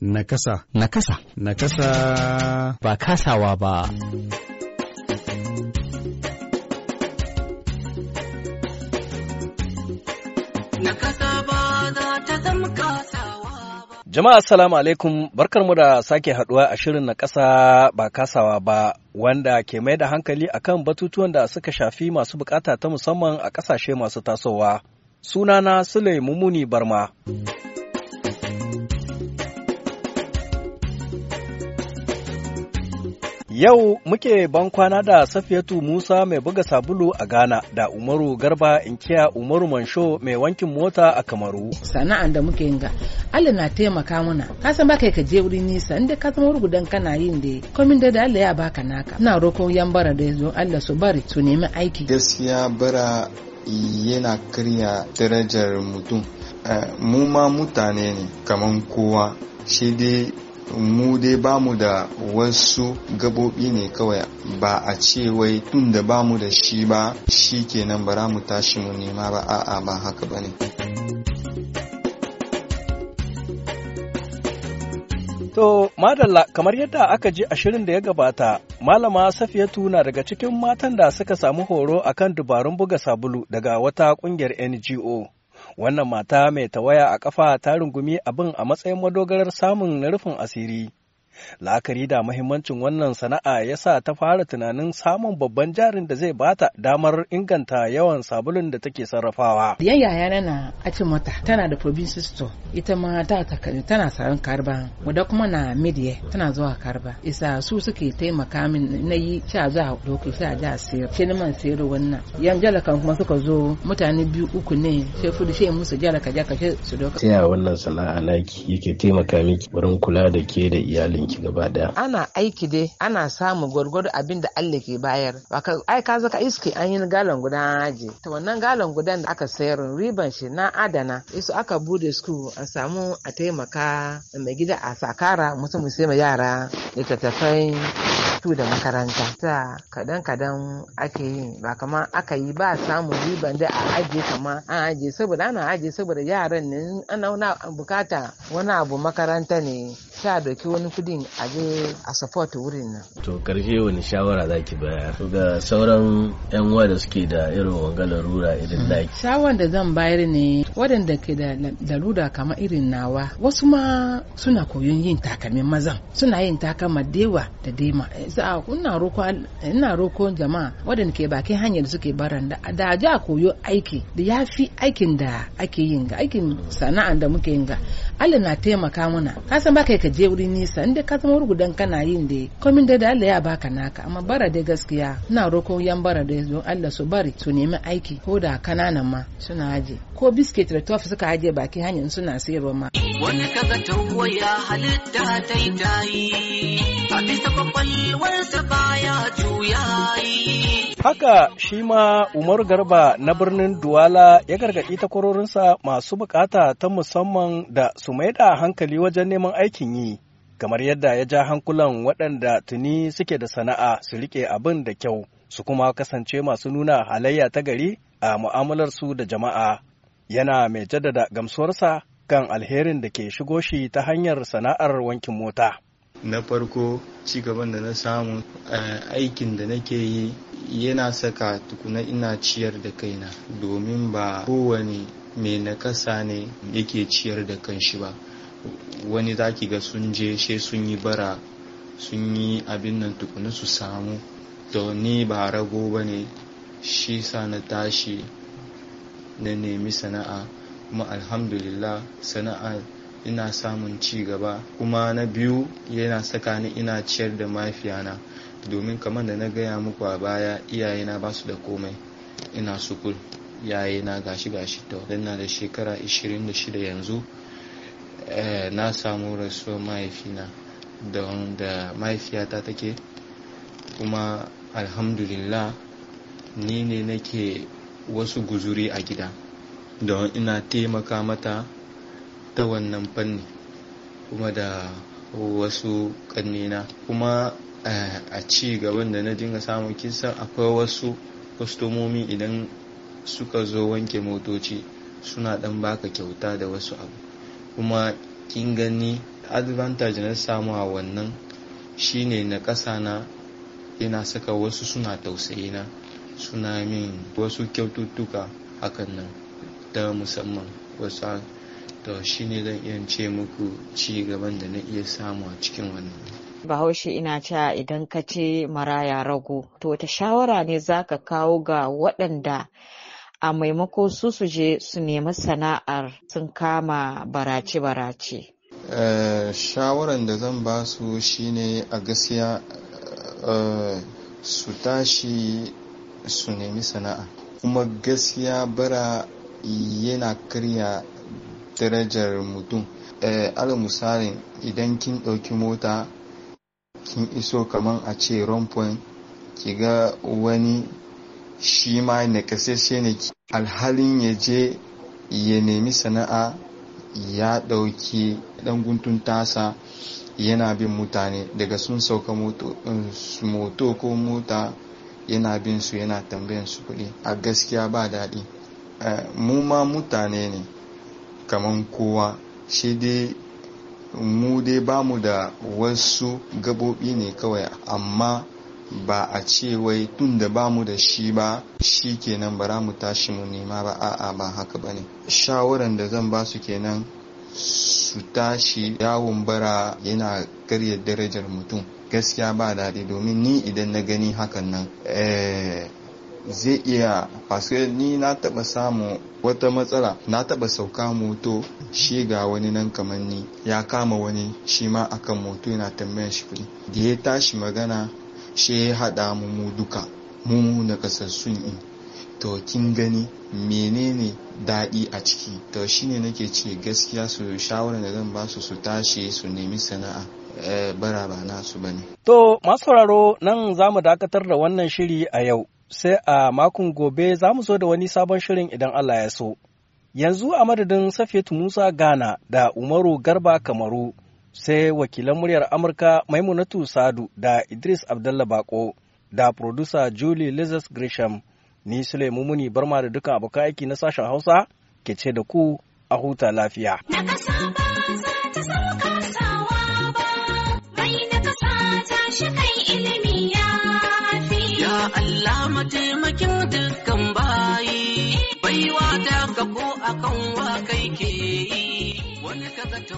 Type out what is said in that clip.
Nakasa. Nakasa. Nakasa. Ba kasawa ba. Nakasa ba za ta zama kasawa ba. Jama'a assalamu alaikum barkarmu da sake haduwa a shirin na kasa ba kasawa ba wanda ke mai da hankali a kan batutuwan da suka shafi masu bukata ta musamman a kasashe masu tasowa. Sunana Sule Mumuni Barma. Yau muke ban kwana da Safiyatu Musa mai buga sabulu a Ghana da Umaru Garba in inkiya Umaru Mansho mai wankin mota a Kamaru. Sana'an da muke ga Allah na taimaka mana. Ka san kai ka je wuri nisa inda ka zama wuri gudan kana yin da komin da Allah ya baka naka. Ina roko yan bara da yanzu Allah su bari su nemi aiki. Gaskiya bara yana karya darajar mutum. Eh, mu ma mutane ne kamar kowa shi dai mu dai bamu da wasu gabobi ne kawai ba a ce wai tun da bamu da shi ba shi kenan bara mu tashi mu nema ba a'a ba haka ba ne. To, Madalla, kamar yadda aka ji ashirin da ya gabata, Malama Safiyatu na daga cikin matan da suka samu horo akan dubarun buga sabulu daga wata kungiyar NGO. Wannan mata mai tawaya a ƙafa ta rungumi abin a matsayin madogarar samun na rufin asiri La'akari da mahimmancin wannan sana'a ya sa ta fara tunanin samun babban jarin da zai bata damar inganta yawan sabulun da take sarrafawa. Yan yaya na aci mata tana da Provincial store ita ma ta tana sayan karba wadda kuma na midiye tana zuwa karba isa su suke taimaka min na yi sha za a doki sha za a sayar shi man sayar wannan yan jalakan kuma suka zo mutane biyu uku ne sai fudu shi musu jalaka jaka shi su doka. Ta wannan sana'a naki yake taimaka miki wurin kula da ke da iyalin ki gaba daya ana aiki dai ana samu gwargwado abin da Allah ke bayar ai ka zaka iske an yi galon guda aji ta wannan galon gudan da aka sayar riban shi na adana isu aka bude su a samu a taimaka mai gida a sakara mutum sai ma yara littattafai karatu da makaranta ta kadan kadan ake yi ba kamar aka yi ba samu riban da a ajiye kama an ajiye saboda ana ajiye saboda yaran ne ana bukata wani abu makaranta ne sha doki wani kudin a je a support wurin nan to karshe wani shawara za zaki bayar ga sauran yan da suke da irin wangalar rura irin daki shawar da zan bayar ne waɗanda ke da laluda kama irin nawa wasu ma suna koyon yin takamin mazan suna yin takama dewa da dema eh, za a roko ina roko jama'a waɗanda ke bakin hanyar da suke baran da da a koyo aiki da yafi aikin da ake yin ga aikin sana'an da muke yin ga Allah na taimaka mana ka san kai ka je wurin nisa inda ka zama rugudan kana yin da komin da Allah ya baka naka amma bara da gaskiya ina roko yan bara don Allah su bari su nemi aiki ko da kananan ma suna haje ko biskit da tof suka aje baki hanyar suna sayarwa ma wani kaga tawaya halitta ta yi tayi a bisa kwakwalwarsa baya juyayi haka shi ma umar garba na birnin duwala ya gargaɗi takwarorinsa masu bukata ta musamman da su maida hankali wajen neman aikin yi kamar yadda ya ja hankulan waɗanda tuni suke da sana'a su riƙe abin da kyau su kuma kasance masu nuna halayya ta gari a mu'amalarsu da jama'a yana mai jaddada gamsuwarsa kan alherin da ke shigo shi ta hanyar sana'ar wankin mota. Na farko ci cigaban da na samu aikin da nake yi yana saka tukuna ina ciyar da kaina domin ba kowane mai nakasa ne yake ciyar da shi ba. Wani zaki ga sun je she sun yi bara sun yi abin nan tukuna su samu. To ni ba rago ba ne shi sa na tashi na nemi sana'a kuma alhamdulillah sana'a ina samun ci gaba kuma na biyu yana saka ni ina ciyar da mahaifiyana domin kamar da na gaya muku a baya iyayena ba su da komai ina sukul yayena gashi gashi to na da shekara 26 yanzu eh, na samu rasuwa mahaifina don da mahaifiyata take kuma alhamdulillah ni ne nake wasu guzuri a gida don ina taimaka mata ta wannan fanni kuma da wasu ƙannena kuma eh, a ci gaban da na dinga samun kisan akwai wasu kwastomomi idan suka zo wanke motoci suna dan baka kyauta da wasu abu kuma kin gani advantage na samu a wannan shine na ƙasa na yana saka wasu suna tausayina suna min wasu kyaututtuka hakan nan ta musamman wasu to shi ne zan iya ce muku ci gaban da na iya samu a cikin wannan bahaushe ina cewa idan ka ce maraya rago to wata shawara ne za ka kawo ga waɗanda a maimako su su su nemi sana'ar sun kama barace-barace eh, shawaran da zan ba su shine a gaskiya eh, su tashi su nemi sana'a kuma gaskiya bara yana karya darajar mutum eh, alal misalin idan kin ɗauki mota kin iso kamar a ce rompon ki ga wani shi ma nakasashe ne alhalin ya je ya nemi sana'a ya ɗauki ɗan guntun tasa yana bin mutane daga sun sauka moto ko mota yana bin su yana tambayan su kuɗi a gaskiya ba daɗi Eh, mu ma mutane ne kamar kowa shi dai mu dai ba mu da wasu gabobi ne kawai amma ba a ce wai tun da ba mu da shi ba shi kenan bara mu tashi mu nema ba a'a ba haka ba ne shawaran da zan ba su kenan su tashi yawon bara yana karya darajar mutum gaskiya ba daɗi domin ni idan na gani hakan nan eh, zai iya paske ni na taba samu wata matsala na taba sauka moto shi ga wani nan kamar ni ya kama wani shi ma akan moto yana tambayan shi kuɗi da ya tashi magana shi ya haɗa mu duka mu na kasassun in to kin gani menene daɗi a ciki to shine nake ce gaskiya su shawarar da zan ba su su tashi su nemi sana'a eh, bara ba nasu bane to masu sauraro nan za mu dakatar da wannan shiri a yau sai a makon gobe za mu zo da wani sabon shirin idan Allah ya so. Yanzu a madadin Safetu Musa Ghana da Umaru Garba Kamaru sai wakilan muryar Amurka Maimunatu Sadu da Idris Abdullah Bako da producer Julie Lizas Grisham ni Suleiman Muni barma da dukan abokan aiki na sashen Hausa ke ce da ku a huta lafiya.